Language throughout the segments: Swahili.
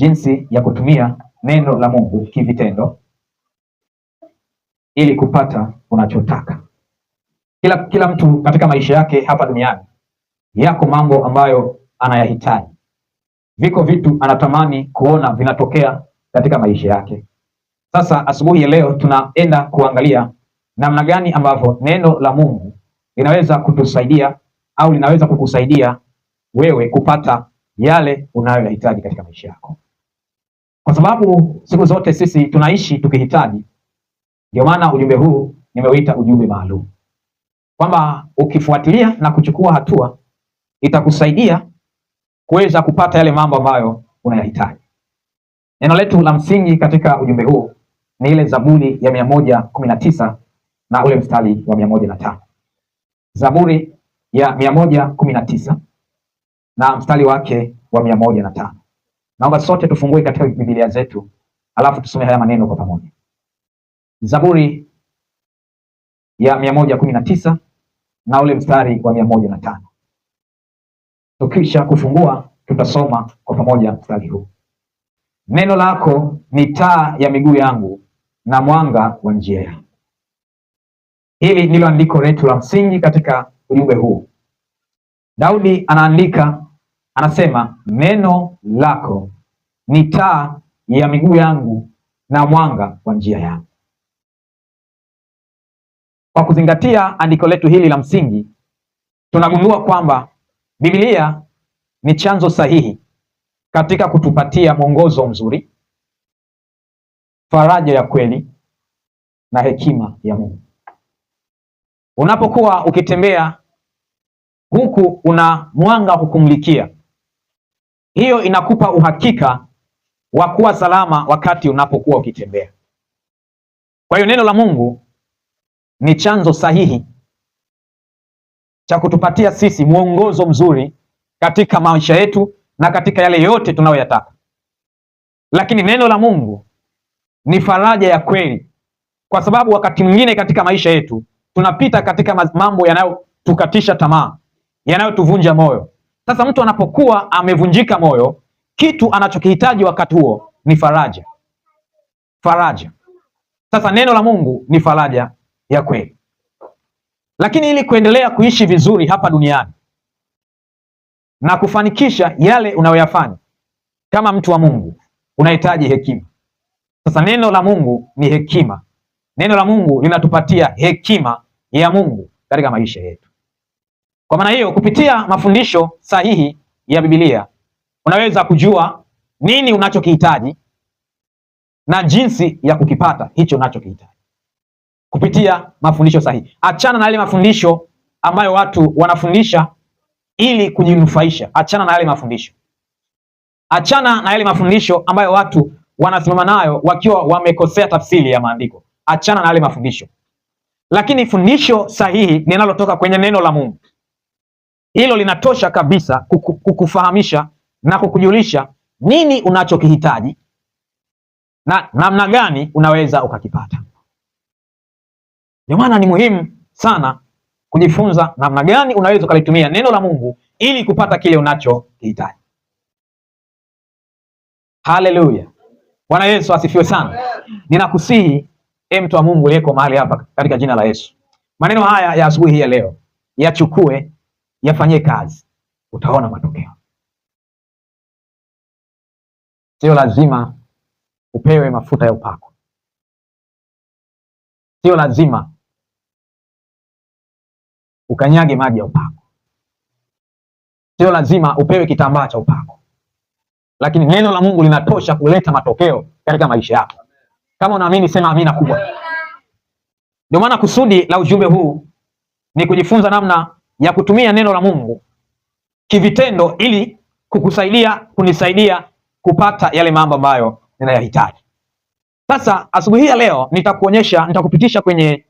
jinsi ya kutumia neno la Mungu kivitendo ili kupata unachotaka. Kila kila mtu katika maisha yake hapa duniani, yako mambo ambayo anayahitaji, viko vitu anatamani kuona vinatokea katika maisha yake. Sasa asubuhi ya leo tunaenda kuangalia namna gani ambavyo neno la Mungu linaweza kutusaidia au linaweza kukusaidia wewe kupata yale unayoyahitaji katika maisha yako kwa sababu siku zote sisi tunaishi tukihitaji. Ndio maana ujumbe huu nimeuita ujumbe maalum, kwamba ukifuatilia na kuchukua hatua itakusaidia kuweza kupata yale mambo ambayo unayahitaji. Neno letu la msingi katika ujumbe huu ni ile Zaburi ya mia moja kumi na tisa na ule mstari wa mia moja na tano Zaburi ya mia moja kumi na tisa na mstari wake wa mia moja na tano Naomba sote tufungue katika Biblia zetu alafu tusome haya maneno kwa pamoja. Zaburi ya mia moja kumi na tisa na ule mstari wa mia moja na tano. Tukisha kufungua tutasoma kwa pamoja mstari huu. Neno lako ni taa ya miguu yangu na mwanga wa njia yangu. Hili ndilo andiko letu la msingi katika ujumbe huu. Daudi anaandika anasema neno lako ni taa ya miguu yangu na mwanga wa njia yangu. Kwa kuzingatia andiko letu hili la msingi, tunagundua kwamba Biblia ni chanzo sahihi katika kutupatia mwongozo mzuri, faraja ya kweli na hekima ya Mungu. Unapokuwa ukitembea huku una mwanga kukumlikia hiyo inakupa uhakika wa kuwa salama wakati unapokuwa ukitembea. Kwa hiyo neno la Mungu ni chanzo sahihi cha kutupatia sisi mwongozo mzuri katika maisha yetu na katika yale yote tunayoyataka. Lakini neno la Mungu ni faraja ya kweli, kwa sababu wakati mwingine katika maisha yetu tunapita katika mambo yanayotukatisha tamaa, yanayotuvunja moyo sasa mtu anapokuwa amevunjika moyo, kitu anachokihitaji wakati huo ni faraja, faraja. Sasa neno la Mungu ni faraja ya kweli, lakini ili kuendelea kuishi vizuri hapa duniani na kufanikisha yale unayoyafanya kama mtu wa Mungu, unahitaji hekima. Sasa neno la Mungu ni hekima. Neno la Mungu linatupatia hekima ya Mungu katika maisha yetu. Kwa maana hiyo, kupitia mafundisho sahihi ya Biblia unaweza kujua nini unachokihitaji na jinsi ya kukipata hicho unachokihitaji kupitia mafundisho sahihi. Achana na yale mafundisho ambayo watu wanafundisha ili kujinufaisha. Achana na yale mafundisho, achana na yale mafundisho ambayo watu wanasimama nayo wakiwa wamekosea tafsiri ya maandiko. Achana na yale mafundisho, lakini fundisho sahihi linalotoka kwenye neno la Mungu hilo linatosha kabisa kukufahamisha na kukujulisha nini unachokihitaji na namna gani unaweza ukakipata. Ndio maana ni muhimu sana kujifunza namna gani unaweza ukalitumia neno la Mungu ili kupata kile unachokihitaji. Haleluya! Bwana Yesu asifiwe sana. Ninakusihi e mtu wa Mungu uliyeko mahali hapa, katika jina la Yesu, maneno haya ya asubuhi hii ya leo yachukue yafanyie kazi, utaona matokeo. Sio lazima upewe mafuta ya upako, sio lazima ukanyage maji ya upako, sio lazima upewe kitambaa cha upako, lakini neno la Mungu linatosha kuleta matokeo katika maisha yako. Kama unaamini sema amina kubwa. Ndio maana kusudi la ujumbe huu ni kujifunza namna ya kutumia neno la Mungu kivitendo ili kukusaidia kunisaidia kupata yale mambo ambayo ninayahitaji. Sasa asubuhi ya leo nitakuonyesha, nitakupitisha kwenye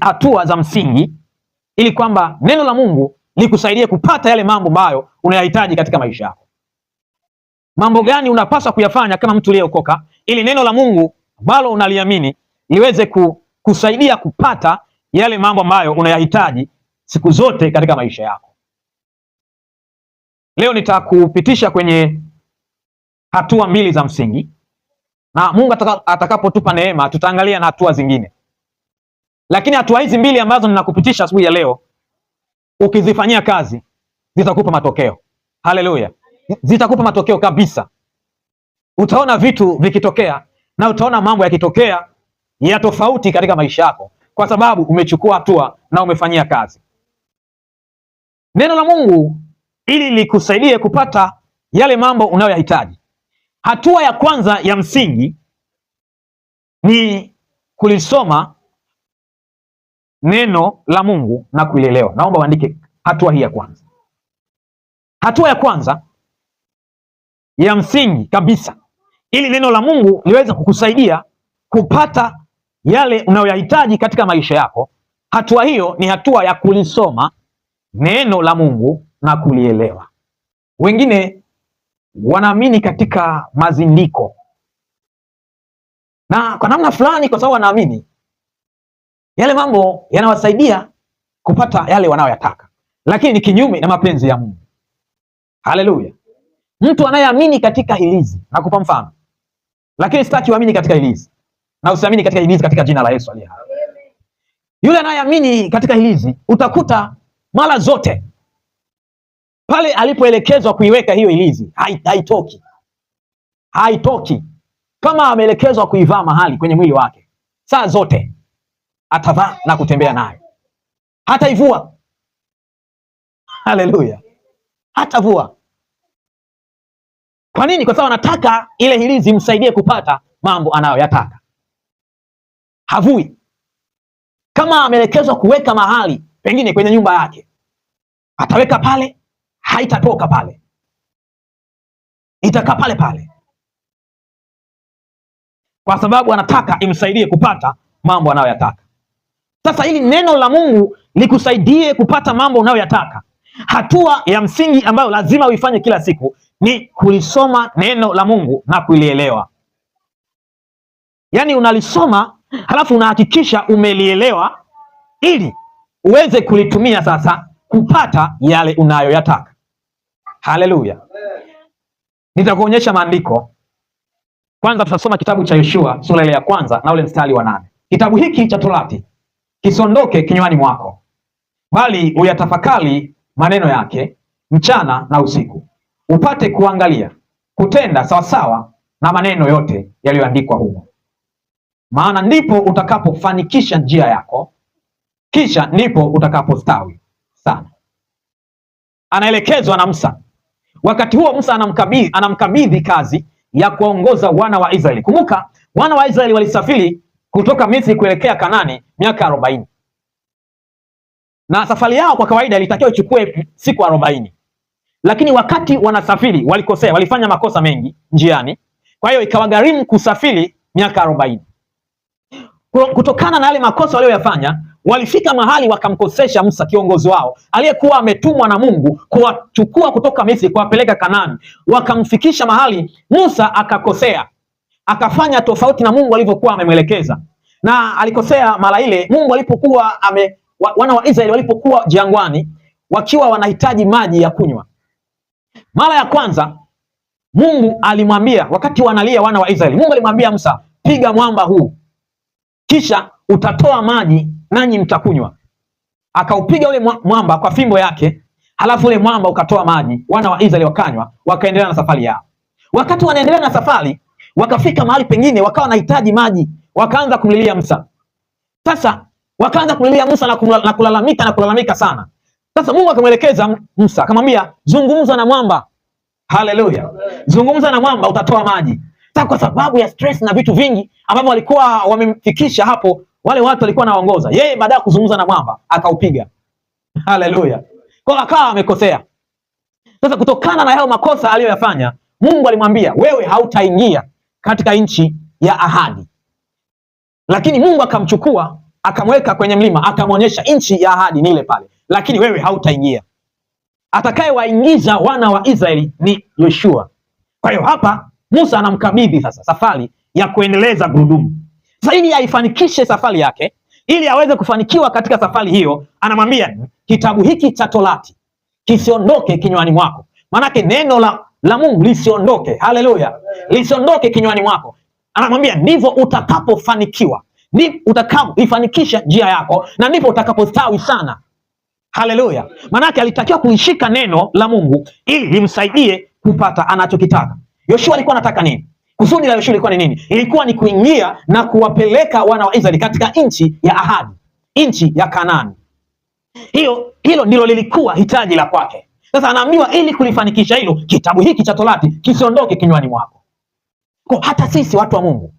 hatua za msingi ili kwamba neno la Mungu likusaidie kupata yale mambo ambayo unayahitaji katika maisha yako. Mambo gani unapaswa kuyafanya kama mtu uliyeokoka ili neno la Mungu ambalo unaliamini liweze kusaidia kupata yale mambo ambayo unayahitaji siku zote katika maisha yako. Leo nitakupitisha kwenye hatua mbili za msingi, na Mungu atakapotupa neema tutaangalia na hatua zingine, lakini hatua hizi mbili ambazo ninakupitisha asubuhi ya leo, ukizifanyia kazi zitakupa matokeo. Haleluya, zitakupa matokeo kabisa. Utaona vitu vikitokea na utaona mambo yakitokea ya tofauti katika maisha yako, kwa sababu umechukua hatua na umefanyia kazi neno la Mungu ili likusaidie kupata yale mambo unayoyahitaji. Hatua ya kwanza ya msingi ni kulisoma neno la Mungu na kulielewa. Naomba uandike hatua hii ya kwanza. Hatua ya kwanza ya msingi kabisa, ili neno la Mungu liweze kukusaidia kupata yale unayoyahitaji katika maisha yako, hatua hiyo ni hatua ya kulisoma neno la Mungu na kulielewa. Wengine wanaamini katika mazindiko, na kwa namna fulani, kwa sababu wanaamini yale mambo yanawasaidia kupata yale wanayoyataka, lakini ni kinyume na mapenzi ya Mungu. Haleluya! Mtu anayeamini katika hilizi, nakupa mfano, lakini sitaki uamini katika hilizi na usiamini katika hilizi, katika jina la Yesu aliye hai. Yule anayeamini katika hilizi utakuta mara zote pale alipoelekezwa kuiweka hiyo ilizi haitoki, haitoki. Kama ameelekezwa kuivaa mahali kwenye mwili wake, saa zote atavaa na kutembea nayo, hataivua. Haleluya, hatavua. Kwa nini? Kwa sababu anataka ile hilizi msaidie kupata mambo anayoyataka. Havui. Kama ameelekezwa kuweka mahali pengine kwenye nyumba yake, ataweka pale, haitatoka pale, itakaa pale pale, kwa sababu anataka imsaidie kupata mambo anayoyataka. Sasa hili neno la Mungu likusaidie kupata mambo unayoyataka. Hatua ya msingi ambayo lazima uifanye kila siku ni kulisoma neno la Mungu na kulielewa. Yaani unalisoma halafu unahakikisha umelielewa ili uweze kulitumia sasa kupata yale unayoyataka. Haleluya! Nitakuonyesha maandiko. Kwanza tutasoma kitabu cha Yoshua sura ile ya kwanza na ule mstari wa nane. Kitabu hiki cha Torati kisondoke kinywani mwako, bali uyatafakari maneno yake mchana na usiku, upate kuangalia kutenda sawasawa na maneno yote yaliyoandikwa humo, maana ndipo utakapofanikisha njia yako kisha ndipo utakapostawi sana. Anaelekezwa na Musa. Wakati huo Musa anamkabidhi anamkabidhi kazi ya kuongoza wana wa Israeli. Kumbuka wana wa Israeli walisafiri kutoka Misri kuelekea Kanani miaka arobaini na safari yao kwa kawaida ilitakiwa ichukue siku arobaini lakini wakati wanasafiri walikosea, walifanya makosa mengi njiani, kwa hiyo ikawagharimu kusafiri miaka arobaini. Kutokana na yale makosa walioyafanya, Walifika mahali wakamkosesha Musa kiongozi wao aliyekuwa ametumwa na Mungu kuwachukua kutoka Misri kuwapeleka Kanaani. Wakamfikisha mahali Musa akakosea, akafanya tofauti na Mungu alivyokuwa amemwelekeza, na alikosea mara ile Mungu alipokuwa ame wana wa Israeli walipokuwa jangwani wakiwa wanahitaji maji ya kunywa. Mara ya kwanza Mungu alimwambia wakati wanalia wana wa Israeli, Mungu alimwambia Musa, piga mwamba huu, kisha utatoa maji nanyi mtakunywa. Akaupiga ule mwamba kwa fimbo yake, halafu ule mwamba ukatoa maji, wana wa Israeli wakanywa, wakaendelea na safari yao. Wakati wanaendelea na safari, wakafika mahali pengine, wakawa wanahitaji maji, wakaanza kumlilia Musa. Sasa wakaanza kumlilia Musa na, kumla, na kulalamika na kulalamika sana. Sasa Mungu akamwelekeza Musa, akamwambia zungumza na mwamba. Haleluya, zungumza na mwamba, utatoa maji. Sasa kwa sababu ya stress na vitu vingi ambavyo walikuwa wamemfikisha hapo wale watu walikuwa anawaongoza yeye, baada ya kuzungumza na mwamba akaupiga. Haleluya! Kwa akawa amekosea. Sasa kutokana na hayo makosa aliyoyafanya, Mungu alimwambia wewe hautaingia katika nchi ya ahadi, lakini Mungu akamchukua akamweka kwenye mlima akamwonyesha nchi ya ahadi ni ile pale, lakini wewe hautaingia. Atakayewaingiza wana wa Israeli ni Yoshua. Kwa hiyo hapa Musa anamkabidhi sasa safari ya kuendeleza gurudumu ili aifanikishe safari yake, ili aweze kufanikiwa katika safari hiyo, anamwambia kitabu hiki cha Torati kisiondoke kinywani mwako. Maanake neno la, la Mungu lisiondoke, haleluya, lisiondoke kinywani mwako. Anamwambia ndivyo utakapofanikiwa, ndipo utakapoifanikisha njia yako, na ndipo utakapostawi sana. Haleluya! Maanake alitakiwa kulishika neno la Mungu ili limsaidie kupata anachokitaka. Yoshua alikuwa anataka nini? Kusudi la Yoshua ilikuwa ni nini? Ilikuwa ni kuingia na kuwapeleka wana wa Israeli katika nchi ya ahadi, nchi ya Kanaani. Hiyo hilo ndilo lilikuwa hitaji la kwake. Sasa anaambiwa ili kulifanikisha hilo, kitabu hiki cha Torati kisiondoke kinywani mwako. Kwa hata sisi watu wa Mungu,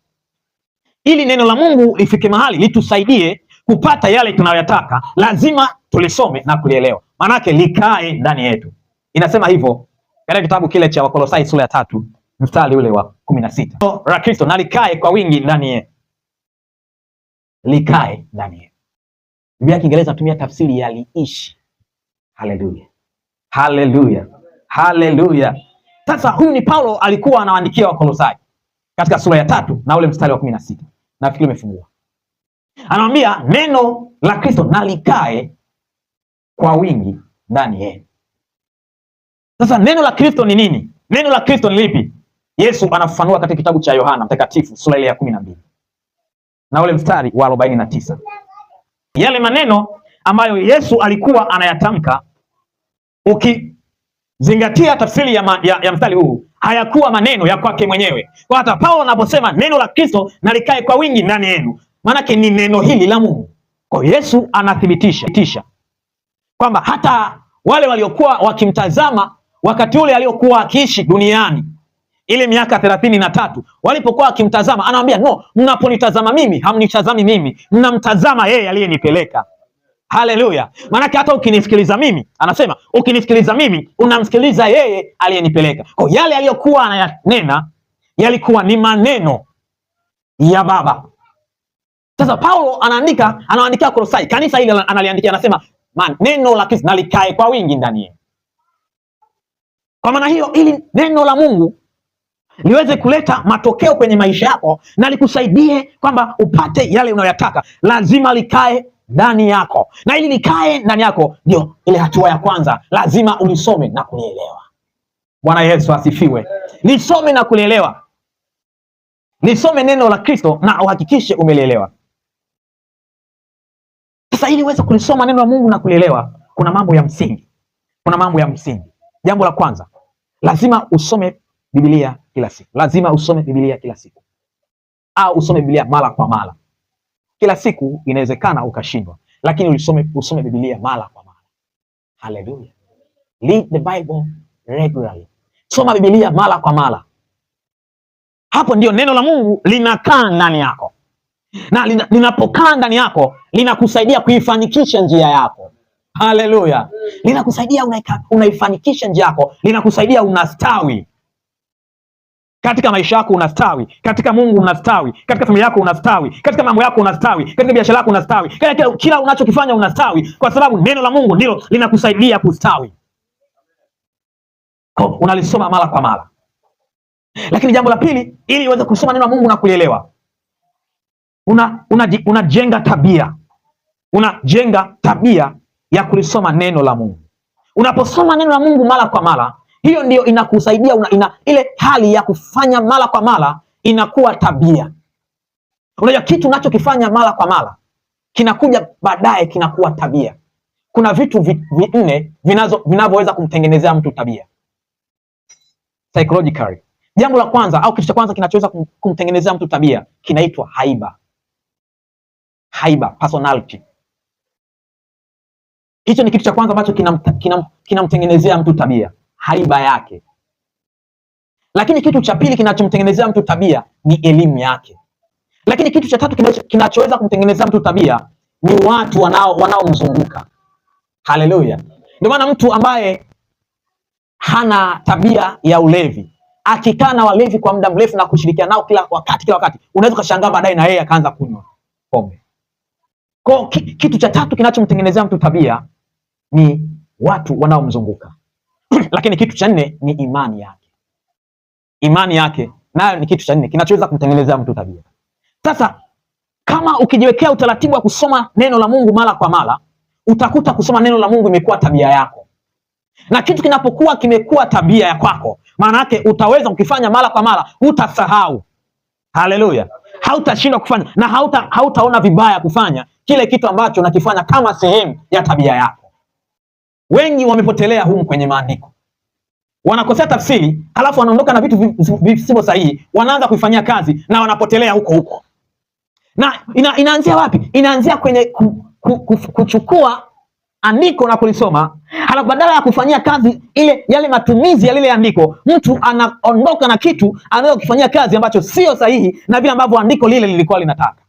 ili neno la Mungu lifike mahali litusaidie kupata yale tunayoyataka, lazima tulisome na kulielewa, maanake likae ndani yetu. Inasema hivyo katika kitabu kile cha Wakolosai sura ya tatu mstari ule wa kumi na sita la Kristo na likae kwa wingi ndani yetu, likae ndani yetu. Biblia ya Kiingereza natumia tafsiri ya liishi. Haleluya, haleluya, haleluya. Sasa huyu ni Paulo alikuwa anawaandikia Wakolosai katika sura ya tatu na ule mstari wa kumi na sita nafikiri umefungua. Anamwambia neno la Kristo na likae kwa wingi ndani yenu. Sasa neno la Kristo ni nini? Neno la Kristo ni lipi? Yesu anafafanua katika kitabu cha Yohana Mtakatifu sura ile ya kumi na mbili na ule mstari wa arobaini na tisa yale maneno ambayo Yesu alikuwa anayatamka, ukizingatia tafsiri ya, ma, ya, ya mstari huu hayakuwa maneno ya kwake mwenyewe, kwa hata Paulo anaposema neno la Kristo nalikae kwa wingi ndani yenu, maanake ni neno hili la Mungu. Kwa Yesu anathibitisha kwamba hata wale waliokuwa wakimtazama wakati ule aliokuwa akiishi duniani ile miaka thelathini na tatu walipokuwa wakimtazama, anawambia no, mnaponitazama mimi hamnitazami mimi, mnamtazama yeye aliyenipeleka. Haleluya! Maanake hata ukinisikiliza mimi, anasema ukinisikiliza mimi unamsikiliza yeye aliyenipeleka. Kwa yale aliyokuwa anayanena yalikuwa ni maneno ya Baba. Sasa Paulo anaandika, anaandikia Kolosai, kanisa hili analiandikia, anasema maneno la Kristo nalikae kwa wingi ndani yenu. Kwa maana hiyo, ili neno la Mungu niweze kuleta matokeo kwenye maisha yako na likusaidie kwamba upate yale unayoyataka, lazima likae ndani yako, na ili likae ndani yako, ndio ile hatua ya kwanza, lazima ulisome na kulielewa. Bwana Yesu asifiwe. Lisome na kulielewa, lisome neno la Kristo na uhakikishe umelielewa. Sasa ili uweze kulisoma neno la Mungu na kulielewa, kuna mambo ya msingi, kuna mambo ya msingi. Jambo la kwanza, lazima usome Biblia kila siku, lazima usome Biblia kila siku au usome Biblia mara kwa mara. Kila siku inawezekana ukashindwa, lakini usome, usome Biblia mara kwa mara. Haleluya, read the Bible regularly, soma Biblia mara kwa mara. Hapo ndio neno la Mungu linakaa ndani yako, na linapokaa lina ndani yako linakusaidia kuifanikisha njia yako. Haleluya, linakusaidia unaifanikisha njia yako, linakusaidia unastawi katika maisha yako unastawi, katika Mungu unastawi, katika familia yako unastawi, katika mambo yako unastawi, katika biashara yako unastawi, katika kila, kila unachokifanya unastawi, kwa sababu neno la Mungu ndilo linakusaidia kustawi. Ko, unalisoma mara kwa mara. Lakini jambo la pili, ili uweze kusoma neno la Mungu na kulielewa, una una tabia, unajenga tabia ya kulisoma neno la Mungu. Unaposoma neno la Mungu mara kwa mara hiyo ndiyo inakusaidia una, ina, ile hali ya kufanya mara kwa mara inakuwa tabia. Unajua kitu unachokifanya mara kwa mara kinakuja baadaye kinakuwa tabia. Kuna vitu vinne vinavyoweza kumtengenezea mtu tabia psychologically. Jambo la kwanza au kitu cha kwanza kinachoweza kumtengenezea mtu tabia kinaitwa haiba. Haiba, personality. Hicho ni kitu cha kwanza ambacho kinamtengenezea kina, kina mtu tabia haiba yake. Lakini kitu cha pili kinachomtengenezea mtu tabia ni elimu yake. Lakini kitu cha tatu kinachoweza kumtengenezea mtu tabia ni watu wanaomzunguka wanao. Haleluya! Ndio maana mtu ambaye hana tabia ya ulevi akikaa na walevi kwa muda mrefu na kushirikiana nao kila wakati kila wakati, unaweza ukashangaa baadaye na yeye akaanza kunywa pombe. Kwa kitu cha tatu kinachomtengenezea mtu tabia ni watu wanaomzunguka. lakini kitu cha nne ni imani yake. Imani yake nayo ni kitu cha nne kinachoweza kumtengenezea mtu tabia. Sasa kama ukijiwekea utaratibu wa kusoma neno la Mungu mara kwa mara, utakuta kusoma neno la Mungu imekuwa tabia yako, na kitu kinapokuwa kimekuwa tabia ya kwako, maana yake utaweza kukifanya mara kwa mara, utasahau. Haleluya! hautashindwa kufanya na hauta, hautaona vibaya kufanya kile kitu ambacho unakifanya kama sehemu ya tabia yako. Wengi wamepotelea humu kwenye maandiko, wanakosea tafsiri, alafu wanaondoka na vitu visivyo sahihi, wanaanza kuifanyia kazi na wanapotelea huko huko. Na ina, inaanzia wapi? Inaanzia kwenye ku, ku, ku, kuchukua andiko na kulisoma, halafu badala ya kufanyia kazi ile yale matumizi ya lile andiko, mtu anaondoka na kitu anaweza kufanyia kazi ambacho sio sahihi na vile ambavyo andiko lile lilikuwa linataka.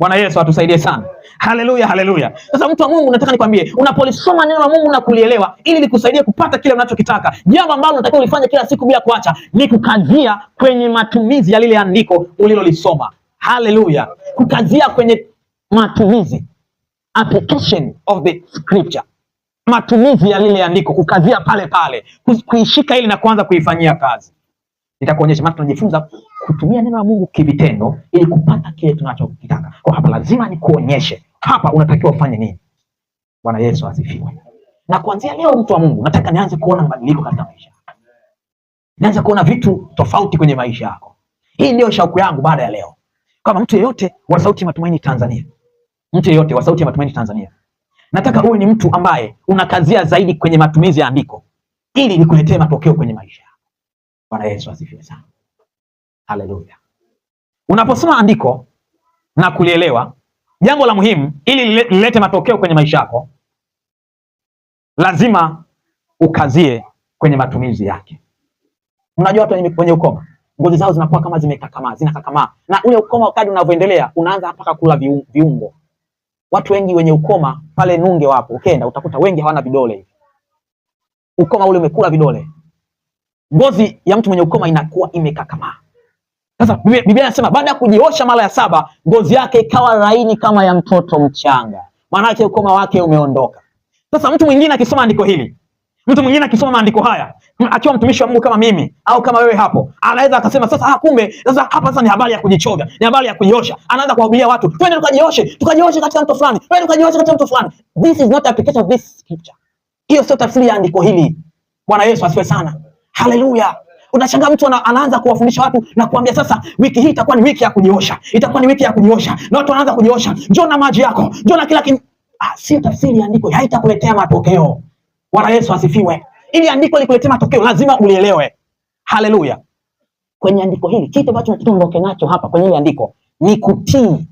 Bwana Yesu atusaidie sana. Haleluya, haleluya. Sasa mtu wa Mungu, nataka nikwambie, unapolisoma neno la Mungu na kulielewa, ili likusaidie kupata kile unachokitaka, jambo ambalo unatakiwa ulifanya kila siku bila kuacha ni kukazia kwenye matumizi ya lile andiko ulilolisoma. Haleluya, kukazia kwenye matumizi, application of the scripture, matumizi ya lile andiko, kukazia pale pale, kuishika ili na kuanza kuifanyia kazi nitakuonyesha, maana tunajifunza kutumia neno la Mungu kivitendo ili kupata kile tunachokitaka. Kwa hapa lazima nikuonyeshe hapa unatakiwa ufanye nini. Bwana Yesu asifiwe. Na kuanzia leo, mtu wa Mungu, nataka nianze kuona mabadiliko katika maisha, nianze kuona vitu tofauti kwenye maisha yako. Hii ndio shauku yangu baada ya leo, kama mtu yeyote wa Sauti ya Matumaini Tanzania, mtu yeyote wa Sauti ya Matumaini Tanzania, nataka uwe ni mtu ambaye unakazia zaidi kwenye matumizi ya andiko ili nikuletee matokeo kwenye maisha Bwana Yesu asifiwe sana. Haleluya. Unaposoma andiko na kulielewa, jambo la muhimu ili lilete matokeo kwenye maisha yako, lazima ukazie kwenye matumizi yake. Unajua watu wenye ukoma ngozi zao zinakuwa kama zimekakamaa, zinakakamaa, na ule ukoma kadri unavyoendelea unaanza mpaka kula viungo. Watu wengi wenye ukoma pale Nunge wapo, ukenda utakuta wengi hawana vidole ukoma ule umekula vidole ngozi ya mtu mwenye ukoma inakuwa imekakamaa. Sasa Biblia inasema baada ya kujiosha mara ya saba ngozi yake ikawa laini kama ya mtoto mchanga, maana yake ukoma wake umeondoka. Sasa mtu mwingine akisoma andiko hili, mtu mwingine akisoma maandiko haya, akiwa mtumishi wa Mungu kama mimi au kama wewe hapo, anaweza akasema sasa, ah, kumbe sasa hapa sasa ni habari ya kujichoga, ni habari ya kujiosha. Anaanza kuwahubiria watu, twende tukajioshe, tukajioshe katika mto fulani, twende tukajioshe katika mto fulani. This is not application of this scripture. Hiyo sio tafsiri ya andiko hili. Bwana Yesu asifiwe sana. Haleluya! Unashanga mtu anaanza kuwafundisha watu na kuambia sasa, wiki hii itakuwa ni wiki ya kujiosha, itakuwa ni wiki ya kujiosha, na watu wanaanza kujiosha, njoo na maji yako, njoo na kila kitu. Ah, sio tafsiri ya andiko, haitakuletea matokeo. Bwana Yesu asifiwe. Ili andiko likuletea matokeo lazima ulielewe. Haleluya! Kwenye andiko hili kitu ambacho tunatoka nacho hapa kwenye hili andiko ni kutii.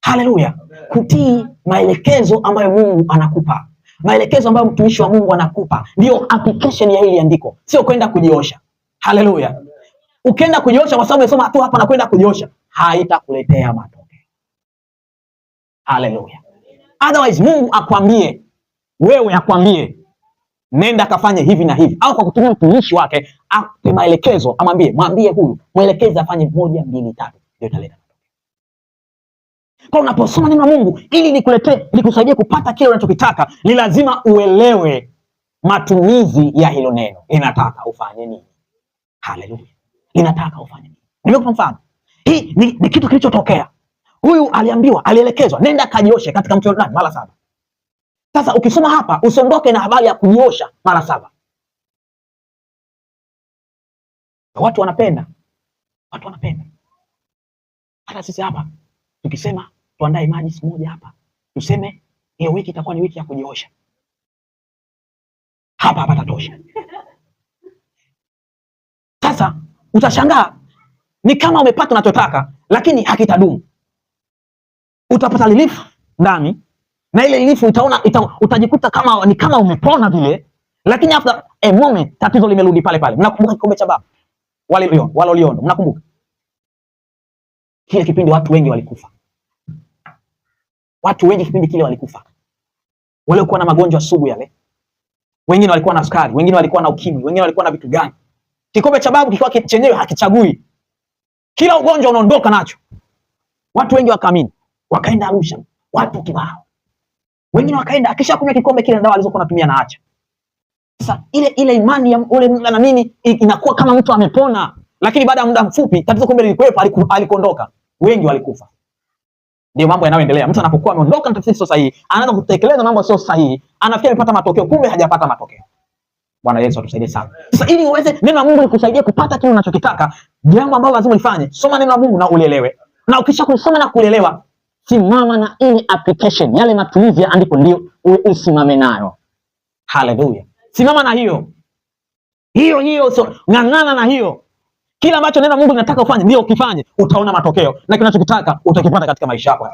Haleluya! Kutii maelekezo ambayo Mungu anakupa maelekezo ambayo mtumishi wa Mungu anakupa ndio application ya hili andiko, sio kwenda kujiosha. Haleluya! Ukienda kujiosha kwa sababu umesoma tu hapa na kwenda kujiosha, haitakuletea matokeo. Haleluya! Otherwise Mungu akwambie wewe, akwambie nenda kafanye hivi na hivi, au kwa kutumia mtumishi wake ape maelekezo, amwambie, mwambie huyu mwelekezi afanye moja, mbili, tatu, ndio italeta kwa unaposoma neno la Mungu ili likuletee likusaidie kupata kile unachokitaka, ni lazima uelewe matumizi ya hilo neno. Linataka ufanye nini? Haleluya, linataka ufanye nini? Nimekupa mfano. Hii ni, ni kitu kilichotokea. Huyu aliambiwa, alielekezwa, nenda kajioshe katika mto Yordani mara saba. Sasa ukisoma hapa usondoke na habari ya kujiosha mara saba. Watu wanapenda, watu wanapenda. Hata sisi hapa tukisema tuandae maji siku moja hapa, tuseme hiyo wiki itakuwa ni wiki ya kujiosha hapa hapa, tatosha. Sasa utashangaa ni kama umepata unachotaka, lakini hakitadumu. Utapata relief ndani na ile relief utaona ita, utajikuta kama ni kama umepona vile, lakini after a moment tatizo limerudi pale pale. Mnakumbuka kikombe cha baba wale waliondo, mnakumbuka kile kipindi watu wengi walikufa Watu wengi kipindi kile walikufa, waliokuwa na magonjwa sugu yale, wengine walikuwa na sukari, wengine walikuwa na ukimwi, wengine walikuwa na vitu gani. Kikombe cha babu kikiwa chenyewe hakichagui, kila ugonjwa unaondoka nacho. Watu wengi wakaamini, wakaenda Arusha, watu kibao, wengine wakaenda, akisha kunywa kikombe kile dawa alizokuwa anatumia na acha. Sasa ile ile imani ya ule na nini inakuwa kama mtu amepona, lakini baada ya muda mfupi tatizo kumbe lilikwepo, alikondoka, wengi walikufa. Ndio mambo yanayoendelea. Mtu anapokuwa ameondoka na tafsiri sio sahihi, anaanza kutekeleza mambo sio sahihi, anafikia amepata matokeo, kumbe hajapata matokeo. Bwana Yesu atusaidie sana. Sasa ili uweze neno la Mungu likusaidie kupata kile unachokitaka, jambo ambalo lazima ulifanye, soma neno la Mungu na ulielewe. Na ukisha kusoma na kuelewa, simama na ile application, yale matumizi ya andiko ndio usimame nayo. Haleluya. Simama na hiyo. Hiyo hiyo, so, ng'ang'ana na hiyo. Kila ambacho neno Mungu linataka ufanye ndio ukifanye, utaona matokeo na kinachokitaka utakipata katika maisha yako.